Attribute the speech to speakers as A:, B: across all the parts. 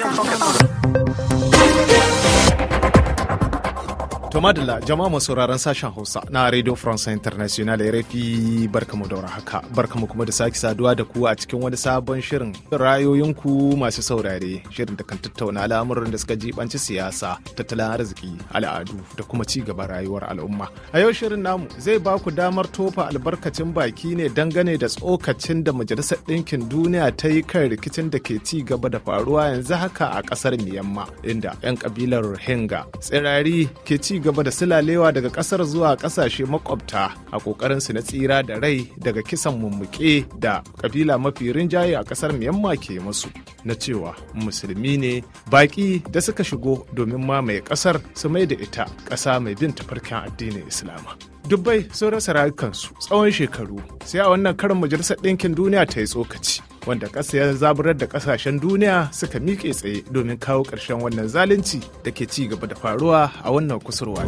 A: 啊啊啊！To madalla jama'a masu sauraron sashen Hausa na Radio France International RFI barkamu da haka barkamu kuma da sake saduwa da ku a cikin wani sabon shirin rayoyinku masu saurare shirin da kan tattauna al'amuran da suka jibanci siyasa tattalin arziki al'adu da kuma ci gaban rayuwar al'umma. A yau shirin namu zai ba ku damar tofa albarkacin baki ne dangane da tsokacin da Majalisar Ɗinkin Duniya ta yi kan rikicin da ke ci gaba da faruwa yanzu haka a ƙasar Myanmar inda 'yan kabilar Rohingya tsirari ke ci ci gaba da silalewa daga kasar zuwa kasashe makwabta a kokarin su na tsira da rai daga kisan mummuke da kabila mafi rinjaye a kasar Myanmar ke masu na cewa musulmi ne baki da suka shigo domin mamaye kasar su mai da ita kasa mai bin tafarkin addinin Islama. Dubbai sun rasa rayukansu tsawon shekaru sai a wannan karin majalisar ɗinkin duniya ta yi tsokaci. wanda ƙasa ya zaburar da ƙasashen duniya suka miƙe tsaye domin kawo ƙarshen wannan zalunci da ke ci gaba da faruwa a wannan kusurwa.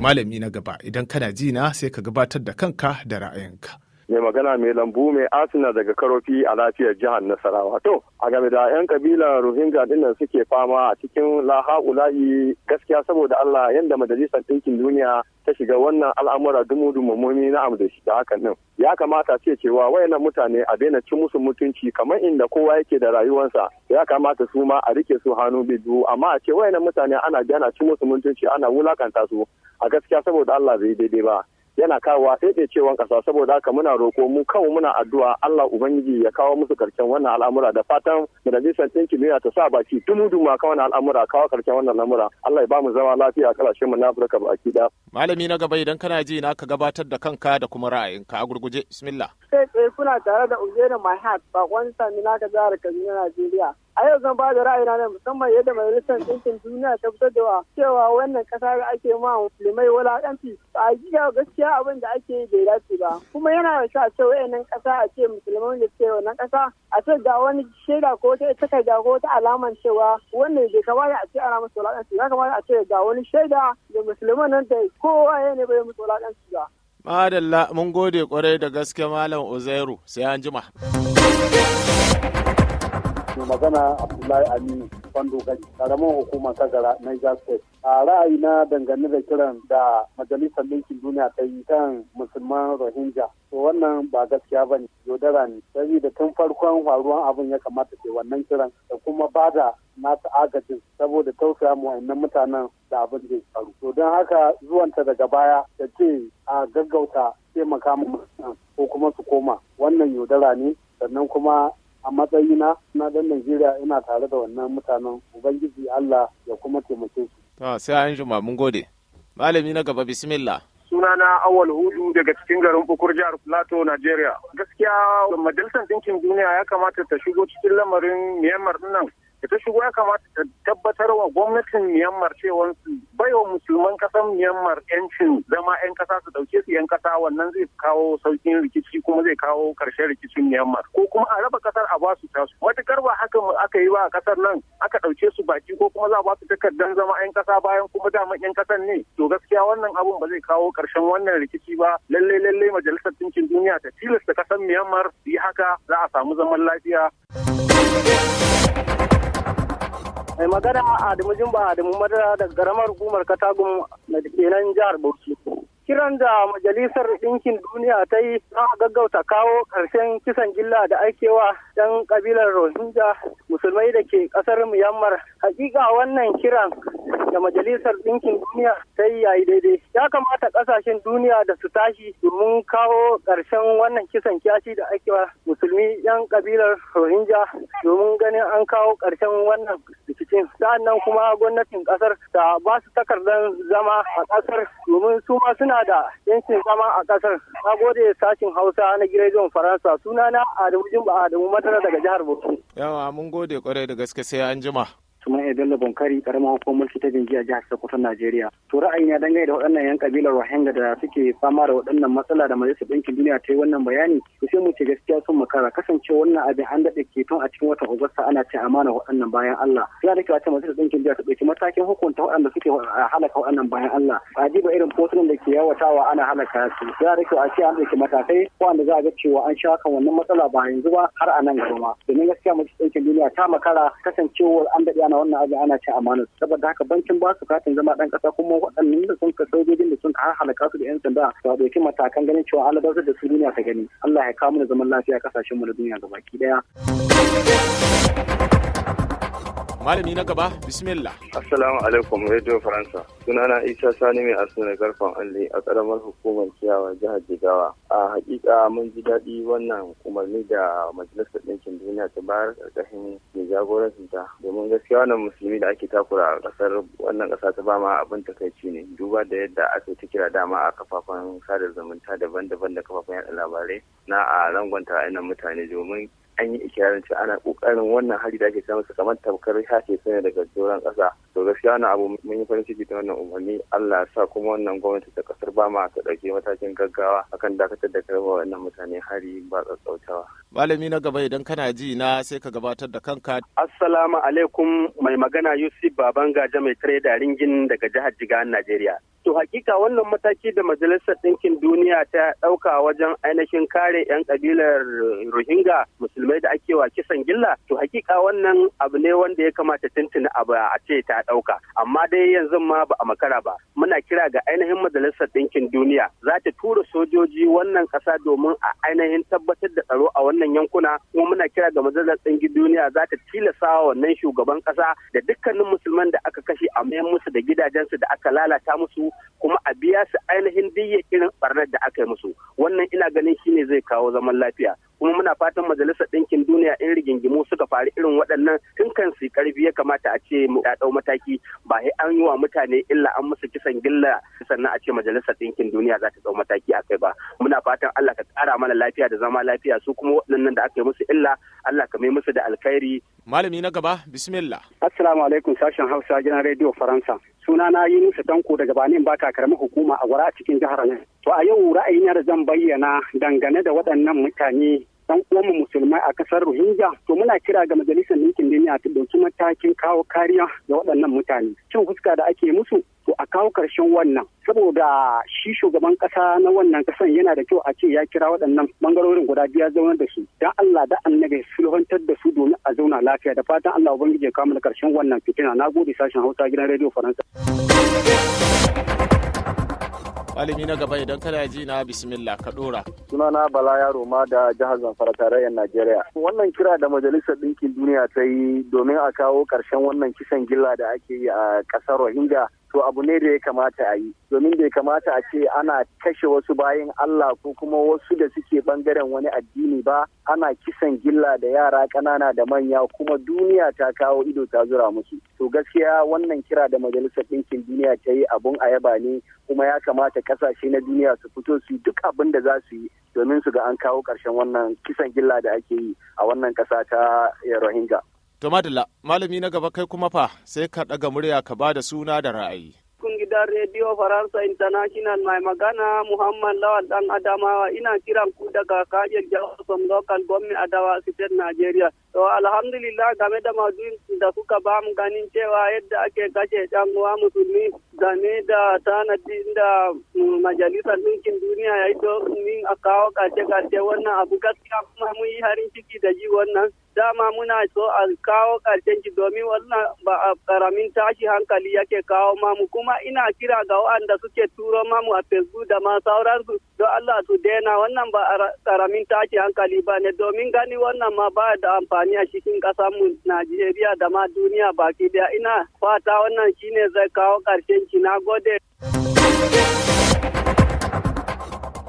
A: Malami na gaba idan kana jina sai ka gabatar da kanka da ra'ayinka.
B: mai magana mai lambu mai asina daga karofi a lafiyar jihar nasarawa to a game da yan kabilar rohingya dinnan suke fama a cikin lahaulayi gaskiya saboda allah yadda majalisar ɗinkin duniya ta shiga wannan al'amura dumu-dumu na amda shi da hakan nan ya kamata ce cewa wayannan mutane a daina cin musu mutunci kamar inda kowa yake da rayuwarsa ya kamata su ma a rike su hannu biyu amma a ce wayannan mutane ana daina cin musu mutunci ana wulakanta su a gaskiya saboda allah bai daidai ba yana kawo sai cewan saboda haka muna roko mu kawo muna addu'a Allah ubangiji ya kawo musu karshen wannan al'amura da fatan majalisar ɗinkin duniya ta sa baki dumuduma kan wannan al'amura kawo karshen wannan al'amura Allah ya ba zama lafiya a ƙasashen mu na Afirka baki da
A: malami na gaba idan kana ji na ka gabatar da kanka da kuma ra'ayinka a gurguje bismillah
B: sai eh, eh, kuna tare
C: da Uzaina Mahat bakon na ka jihar Kaduna Najeriya a yau zan ba da ra'ayina ne musamman yadda majalisar ɗinkin duniya ta fitar da cewa wannan ƙasa da ake ma musulmai wulaƙanci a jiya gaskiya abin da ake yi bai dace ba kuma yana da sa ce wayannan ƙasa a ce musulman da ke wannan ƙasa a ce ga wani shaida ko ta takarda ko ta alaman cewa wannan bai kamata a ce ana musu wulaƙanci ya kamata a ce ga wani shaida da musulman nan da kowa ya ne bai musu wulaƙanci ba.
A: Madalla mun gode kwarai da gaske Malam Uzairu sai an jima.
B: magana Abdullahi Aminu Kwando Gari, karamin hukumar Kagara, Niger State. A ra'ayi na dangane da kiran da Majalisar Ɗinkin Duniya ta yi kan musulman Rohingya. To wannan ba gaskiya ba ne, yaudara ne. da tun farkon faruwan abin ya kamata ke wannan kiran da kuma ba da nasu agajin saboda tausaya mu wa'annan mutanen da abin zai faru. To don haka zuwanta daga baya da ce a gaggauta taimaka mu ko kuma su koma. Wannan yaudara ne sannan kuma a matsayina na dan Najeriya ina tare da wannan mutanen Ubangiji Allah ya kuma taimake su.
A: To sai an juma mun gode. Malami na gaba bismillah.
B: Sunana Awal Hudu daga cikin garin Bukur jihar Plateau, Najeriya. Gaskiya Majalisar Dinkin Duniya ya kamata ta shigo cikin lamarin Myanmar nan da ta shigo ya kamata ta tabbatar wa gwamnatin Myanmar cewa su baiwa musulman kasar Myanmar yancin zama yan kasa su dauke su yan kasa wannan zai kawo saukin rikici kuma zai kawo karshen rikicin Myanmar ko kuma a raba kasar a ba su tasu matukar ba haka aka yi ba a kasar nan aka dauke su baki ko kuma za a su takardar zama yan kasa bayan kuma dama yan kasar ne to gaskiya wannan abun ba zai kawo karshen wannan rikici ba lalle lalle majalisar dinkin duniya ta tilasta kasar Myanmar haka za a samu zaman lafiya. mai magana adamu jimba adamu madara daga garamar hukumar katagun da ke nan jihar bauchi kiran da majalisar ɗinkin duniya ta yi za a gaggauta kawo ƙarshen kisan gilla da ake wa ɗan ƙabilar rohingya musulmai da ke ƙasar myanmar hakika wannan kiran da majalisar ɗinkin duniya ta yi yayi daidai ya kamata ƙasashen duniya da su tashi domin kawo ƙarshen wannan kisan kyashi da ake musulmi yan ƙabilar rohingya domin ganin an kawo ƙarshen wannan rikicin sa'an kuma gwamnatin ƙasar ta ba su takardar zama a ƙasar domin su ma suna da yankin zama a ƙasar. Na gode sashin Hausa na Girejin Faransa. Sunana
A: Adamu jimba Adamu matara daga jihar Bauchi. Yawa mun gode kwarai da gaske sai an jima.
B: ya Bello Bonkari karamar hukumar mulki ta jinjiya jihar Sokoto Najeriya. To ra'ayina dangane da waɗannan 'yan kabilar Rohingya da suke fama da waɗannan matsala da Majalisar Ɗinkin Duniya ta yi wannan bayani ku sai mu ce gaskiya sun makara kasance wannan abin an daɗe tun a cikin watan Agusta ana ce amana waɗannan bayan Allah. Yana da kyau a ce Majalisar Ɗinkin Duniya ta ɗauki matakin hukunta waɗanda suke halaka waɗannan bayan Allah. A diba irin fotunan da ke yawatawa ana halaka su. Yana da kyau a ce an ɗauki matakai wanda za a ga cewa an sha kan wannan matsala ba yanzu ba har a nan gaba. Domin gaskiya Majalisar Ɗinkin Duniya ta makara kasancewar an daɗe ana wannan abin ana cin amana saboda haka bankin ba su katin zama dan kasa kuma waɗannan da sun ka sojojin da sun har halaka su da yan sanda to dauki matakan ganin cewa an da su duniya ta gani Allah ya kawo mu zaman lafiya kasashen mu da duniya gabaki daya
A: Malami na gaba,
B: bismillah. Assalamu alaikum Radio Faransa. Sunana Isa Sani mai asuna garfan alli a karamar hukumar ciyawa jihar Jigawa. A hakika mun ji daɗi wannan umarni da Majalisar Ɗinkin Duniya ta bayar ƙarƙashin mai jagorancin ta. Domin gaskiya wannan musulmi da ake takura a ƙasar wannan ƙasa ta bama abin takaici ne. Duba da yadda aka ta kira dama a kafafen sada zumunta daban-daban da kafafen yaɗa labarai na a rangwanta a mutane domin an yi ikirarin cewa ana kokarin wannan hari da ake samu kamar tamkar hace sanya daga doron kasa to gaskiya wannan abu mun yi farin ciki da wannan umarni Allah sa kuma wannan gwamnati ta kasar Bama ta dauke matakin gaggawa akan dakatar da karba wannan mutane hari ba tsatsautawa
A: malami na gaba idan kana ji na sai ka gabatar da kanka assalamu alaikum mai magana
B: Yusuf gaja mai tare da ringin daga jihar Jigawan Najeriya To hakika wannan mataki da Majalisar Ɗinkin Duniya ta ɗauka wajen ainihin kare 'yan ƙabilar Rohingya musulmi musulmai da ake wa kisan gilla to hakika wannan abu ne wanda ya kamata tuntuna abu a ce ta dauka amma dai yanzu ma ba a makara ba muna kira ga ainihin majalisar ɗinkin duniya za ta tura sojoji wannan ƙasa domin a ainihin tabbatar da tsaro a wannan yankuna kuma muna kira ga majalisar ɗinkin duniya za ta tilasawa wannan shugaban ƙasa da dukkanin musulman da aka kashe a mayan musu da gidajensu da aka lalata musu kuma a biya su ainihin duk irin barnar da aka yi musu wannan ina ganin shine zai kawo zaman lafiya kuma muna fatan majalisar ɗinkin duniya in rigingimu suka faru irin waɗannan tun kan su karfi ya kamata a ce mu ɗau mataki ba sai an yi wa mutane illa an musu kisan gilla sannan a ce majalisar ɗinkin duniya za ta ɗau mataki a kai ba muna fatan Allah ka ƙara mana lafiya da zama lafiya su kuma waɗannan da aka yi musu illa Allah ka mai musu da alkhairi
A: malami na gaba bismillah
B: assalamu alaikum sashen hausa gidan rediyo faransa na yi Yunusa Tanko daga Banin Baka karamar hukuma a gwara a cikin jihar nan. To a yau ra'ayin da zan bayyana dangane da waɗannan mutane dan uwanmu musulmai a kasar Rohingya to muna kira ga majalisar ɗinkin duniya ta ɗauki matakin kawo kariya ga waɗannan mutane cin fuska da ake musu to a kawo ƙarshen wannan saboda shi shugaban ƙasa na wannan ƙasan yana da kyau a ce ya kira waɗannan bangarorin guda biya zaunar da su dan Allah da annabi sulhuntar da su domin a zauna lafiya da fatan Allah ubangiji ya kawo mana ƙarshen wannan fitina nagode sashen Hausa gidan Radio Faransa
A: malami na gaba idan kana ji na bismillah ka dora
B: sunana bala yaro ma da jihar zamfara tarayyar najeriya wannan kira da majalisar ɗinkin duniya ta yi domin a kawo ƙarshen wannan kisan gilla da ake yi a ƙasar rohingya to abu ne da ya kamata a yi domin da ya kamata a ce ana kashe wasu bayan Allah ko kuma wasu da suke bangaren wani addini ba ana kisan gilla da yara ƙanana da manya kuma duniya ta kawo ido ta zura musu to gaskiya wannan kira da majalisar ɗinkin duniya ta yi abun ayaba ne kuma ya kamata ƙasashe na duniya su fito su yi duk abin da za su yi domin su ga an kawo ƙarshen wannan kisan gilla da ake yi a wannan ƙasa ta Rohingya.
A: To Madalla, malami na gaba kai kuma fa sai ka ɗaga murya ka ba da suna da ra'ayi.
B: Kun gidan Rediyo Faransa International mai magana Muhammad Lawal Dan Adamawa ina kiran ku daga kajin jihar Local Gwamnati Adawa State Nigeria. To alhamdulillah game da masu da suka ba mu ganin cewa yadda ake kashe ɗan uwa musulmi game da tanadin da mm, majalisar ɗinkin duniya ya yi min a kawo kace-kace wannan abu gaskiya kuma mun yi harin ciki da ji wannan dama muna so a kawo ƙarshen ki, domin wannan ba a karamin tashi hankali yake kawo mamu kuma ina kira ga waɗanda suke turo mamu a facebook da ma sauransu don Allah su daina wannan ba karamin take hankali ba ne domin gani wannan ma ba da amfani a cikin ƙasar mu Najeriya da ma duniya baki daya ina fata wannan shine zai kawo ƙarshen ki na gode.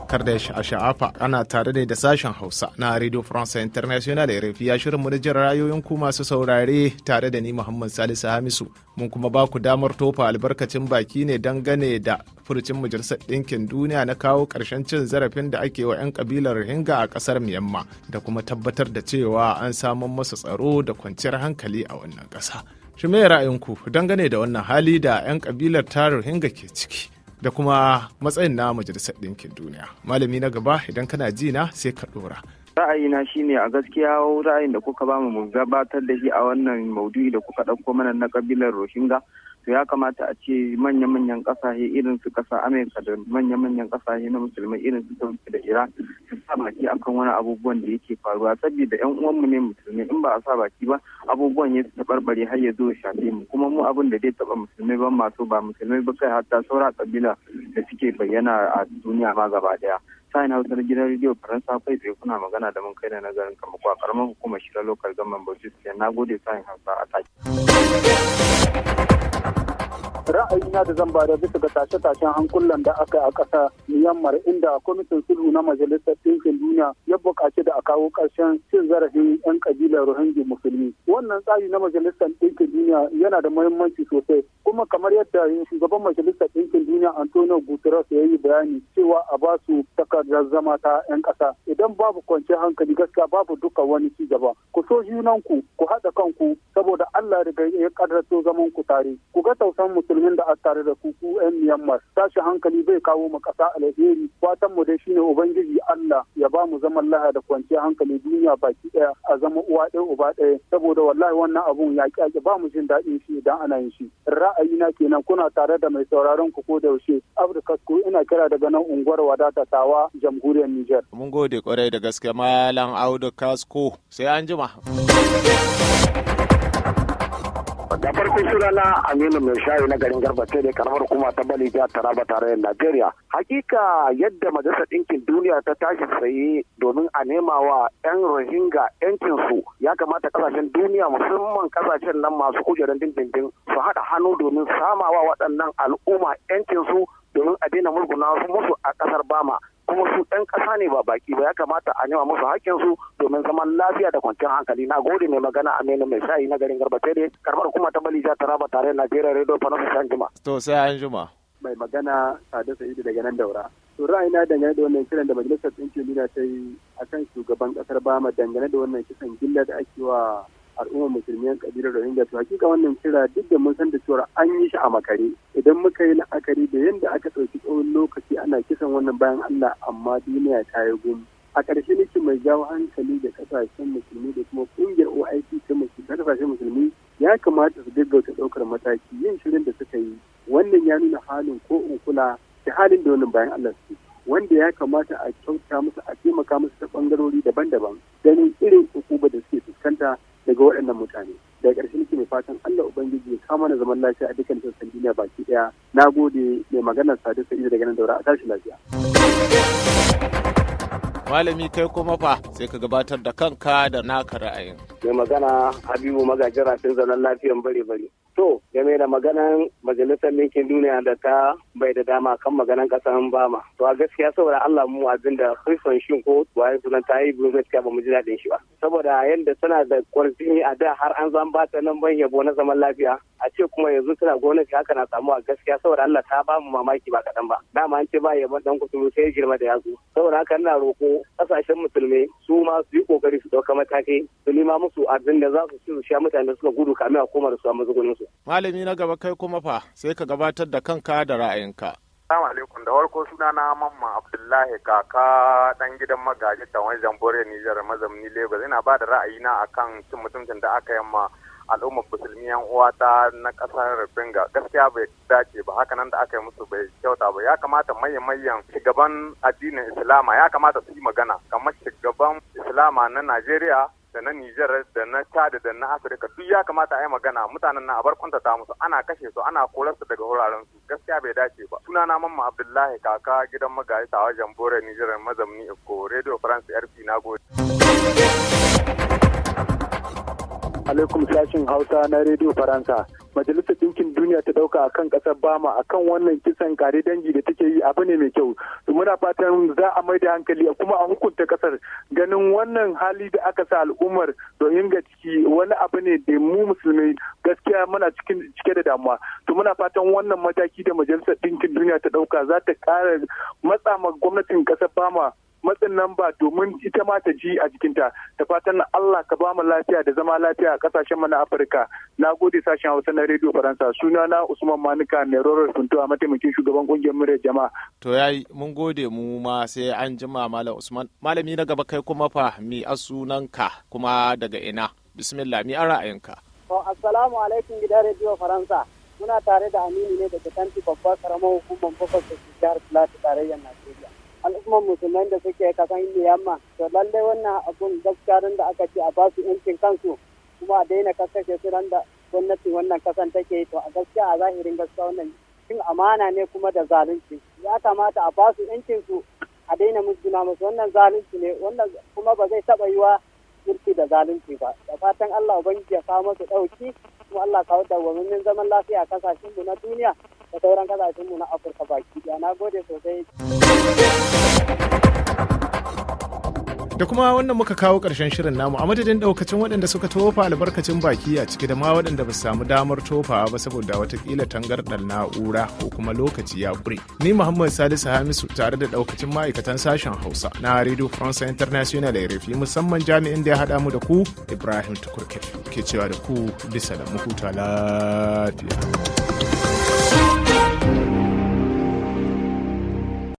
A: kar da a sha'afa ana tare ne da sashen hausa na radio france international rfi ya shirin mu ra'ayoyin ku masu saurare tare da ni muhammad salisu hamisu mun kuma ba ku damar tofa albarkacin baki ne dangane da furcin majalisar ɗinkin duniya na kawo ƙarshen cin zarafin da ake wa 'yan kabilar rohingya a ƙasar myanmar da kuma tabbatar da cewa an samun masa tsaro da kwanciyar hankali a wannan ƙasa shi me ra'ayinku dangane da wannan hali da 'yan kabilar ta rohingya ke ciki da kuma matsayin na majalisar ɗinkin duniya malami na gaba idan kana ji na sai ka ɗora
B: ra'ayina shine a gaskiya ra'ayin da kuka bamu mu gabatar da shi a wannan maudu'i da kuka ɗauko mana na kabilar rohingya to ya kamata a ce manya-manyan kasashe irin su kasa amerika da manya-manyan kasashe na musulmai irin su turki da iran su sa baki akan wani abubuwan da yake faruwa saboda yan uwanmu ne musulmai in ba a sa baki ba abubuwan ya taɓarɓare har ya zo shafe mu kuma mu abin da zai taba musulmai ban masu ba musulmai ba kai hatta saura kabila da suke bayyana a duniya ma gaba daya sa'in hausa na gidan rediyo faransa kai tsaye kuna magana da mun kai da nazarin kama kwa karamar hukumar shirar lokal gaman bauchi na gode sa'in hausa a taki. ra'ayina da zan bada bisa ga tashe-tashen hankulan da aka yi a ƙasa Myanmar inda kwamitin sulhu na majalisar ɗinkin duniya ya buƙaci da a kawo ƙarshen cin zarafin 'yan ƙabilar Rohingya musulmi. Wannan tsari na majalisar ɗinkin duniya yana da muhimmanci sosai kuma kamar yadda shugaban majalisar ɗinkin duniya Antonio Guterres ya yi bayani cewa a ba su takardar zama ta 'yan ƙasa idan babu kwanciyar hankali gaskiya babu duka wani ci gaba ku so junanku ku haɗa kanku saboda Allah ya kaddato zaman ku tare ku ga tausan musulmi musulmin da aka tare da ku ku yan Myanmar tashi hankali bai kawo mu ƙasa alheri fatan mu dai shine ubangiji Allah ya ba mu zaman laha da kwanciyar hankali duniya baki ɗaya a zama uwa ɗaya uba ɗaya saboda wallahi wannan abun ya ƙi ba mu jin daɗin shi idan ana yin shi ra'ayina kenan kuna tare da mai sauraron ku ko da yaushe Afirka ko ina kira daga nan unguwar wadata tawa jamhuriyar Niger
A: mun gode kwarai da gaske malam Audu Kasko sai an jima da farko sunana aminu mai shayi na garin garba ce ne karamar kuma ta bali ta taraba tarayyar najeriya
B: hakika yadda majalisar ɗinkin duniya ta tashi tsaye domin a nema wa 'yan rohingya su ya kamata kasashen duniya musamman kasashen nan masu kujerar dindindin su haɗa hannu domin samawa waɗannan al'umma yankinsu domin a daina murguna su musu a ƙasar bama kuma su ɗan ƙasa ne ba baki ba ya kamata a nema musu haƙƙinsu domin zaman lafiya da kwanciyar hankali na gode mai magana aminu mai shayi na garin ne karbar kuma ta ta raba tare najeriya radio fanasu sanjima.
A: to sai an juma.
B: mai magana sadu sa'idu daga nan daura. to ra'ayina dangane da wannan kiran da majalisar ɗinkin duniya ta yi a kan shugaban ƙasar bama dangane da wannan kisan gilla da ake wa al'ummar yan kabilar Rohingya to hakika wannan kira duk da mun san da cewa an yi shi a makare idan muka yi la'akari da yadda aka ɗauki tsawon lokaci ana kisan wannan bayan Allah amma duniya ta yi gumi a ƙarshe nake mai jawo hankali da kasashen musulmi da kuma ƙungiyar OIC ta kasashen musulmi ya kamata su gaggauta ɗaukar mataki yin shirin da suka yi wannan ya nuna halin ko in kula da halin da wannan bayan Allah su wanda ya kamata a kyauta musu a taimaka musu ta ɓangarori daban-daban ganin irin ukuba da suke fuskanta daga waɗannan mutane da ƙarshe nake mai fatan Allah ubangiji ya kama na zaman lafiya a dukkan sassan duniya baki ɗaya na gode mai maganar sadu sa'idu daga nan daura a tashi lafiya.
A: malami kai kuma fa sai ka gabatar da kanka da naka ra'ayin.
B: mai magana habibu magajin rafin zaman lafiyan bare bare. To, game da maganan Majalisar Ɗinkin Duniya da ta bai da dama kan maganan ƙasar Bama. To, a gaskiya saboda Allah mu abin da Christian Shin ko sunan ta yi biyu gaskiya ba mu ji daɗin shi ba. Saboda yadda tana da kwarzini a da har an zan ba ta nan ban yabo na zaman lafiya. A ce kuma yanzu tana gwamnati haka na samu a gaskiya saboda Allah ta ba mu mamaki ba kaɗan ba. Dama an ce ba yabon ɗan kuturu sai girma da yatsu. Saboda haka ina roƙo ƙasashen musulmi su ma su yi ƙoƙari su ɗauka mataki su nema musu abin da za su ci su sha mutane suka gudu kamin a koma da su a mazugunin su.
A: Malami na gaba kai kuma fa sai ka gabatar da kanka da ra'ayinka.
B: Assalamu alaikum da farko suna na mamma Abdullahi kaka dan gidan magaji ta wani zambore Nijar mazamni Lagos ina ba da ra'ayina akan cin mutuncin da aka yamma al'ummar musulmi yan uwata na kasar Benga gaskiya bai dace ba haka nan da aka yi musu bai kyauta ba ya kamata maye mayan shugaban addinin Islama ya kamata su yi magana kamar shugaban Islama na Najeriya da na Nijar da na Chad da na Afirka duk ya kamata a yi magana mutanen na abar kwantata musu ana kashe su ana korar su daga wuraren su gaskiya bai dace ba sunana mamma Abdullahi kaka gidan magaji tawa Jambore Nijar mazamni Eko Radio France RP nagode alaikum sashin hausa na rediyo faransa majalisar ɗinkin duniya ta ɗauka akan ƙasar bama akan wannan kisan kare dangi da take yi abu ne mai kyau muna fatan za a mai da hankali kuma a hukunta ƙasar ganin wannan hali da aka sa al'ummar rohingya ciki wani abu ne da mu musulmai gaskiya muna cikin cike da damuwa to muna fatan wannan mataki da majalisar ɗinkin duniya ta ɗauka za ta ƙara matsa ma gwamnatin ƙasar bama matsin nan ba domin ita ma ta ji a jikinta ta fatan Allah ka bamu lafiya da zama lafiya a kasashen na Afirka na gode sashen Hausa na Radio Faransa suna na Usman Manuka mai rorar funtuwa mataimakin shugaban kungiyar murya jama'a
A: to yayi mun gode mu ma sai an jima malam Usman malami na gaba kai kuma fa mi asunanka kuma daga ina bismillah mi ra'ayinka
C: to assalamu alaikum gidan Radio Faransa muna tare da Aminu ne daga Tanti babbar karamar hukumar bakwai da jihar Plateau tarayyar Najeriya al'ummar musulman da suke kasan Myanmar to lallai wannan abun gaskiya da aka ce a basu yancin kansu kuma a daina kasashe su da gwamnatin wannan kasan take to a gaskiya a zahirin gaskiya wannan cin amana ne kuma da zalunci ya kamata a basu yancin su a daina musulma musu wannan zalunci ne wannan kuma ba zai taba yiwa kirki da zalunci ba da fatan Allah ubangiji ya kawo musu dauki kuma Allah kawo dawwammamin zaman lafiya a kasashen mu na duniya da sauran kasashenmu na Afirka baki ɗaya. Na gode sosai.
A: da kuma wannan muka kawo ƙarshen shirin namu a madadin ɗaukacin waɗanda suka tofa albarkacin baki a ciki da ma waɗanda ba su samu damar tofawa ba saboda wata watakila tangardar na'ura ko kuma lokaci ya ƙure ni muhammad salisu hamisu tare da ɗaukacin ma'aikatan sashen hausa na radio france international da rafi musamman jami'in da ya haɗa mu da ku ibrahim tukurke ke cewa da ku bisa da mu huta lafiya.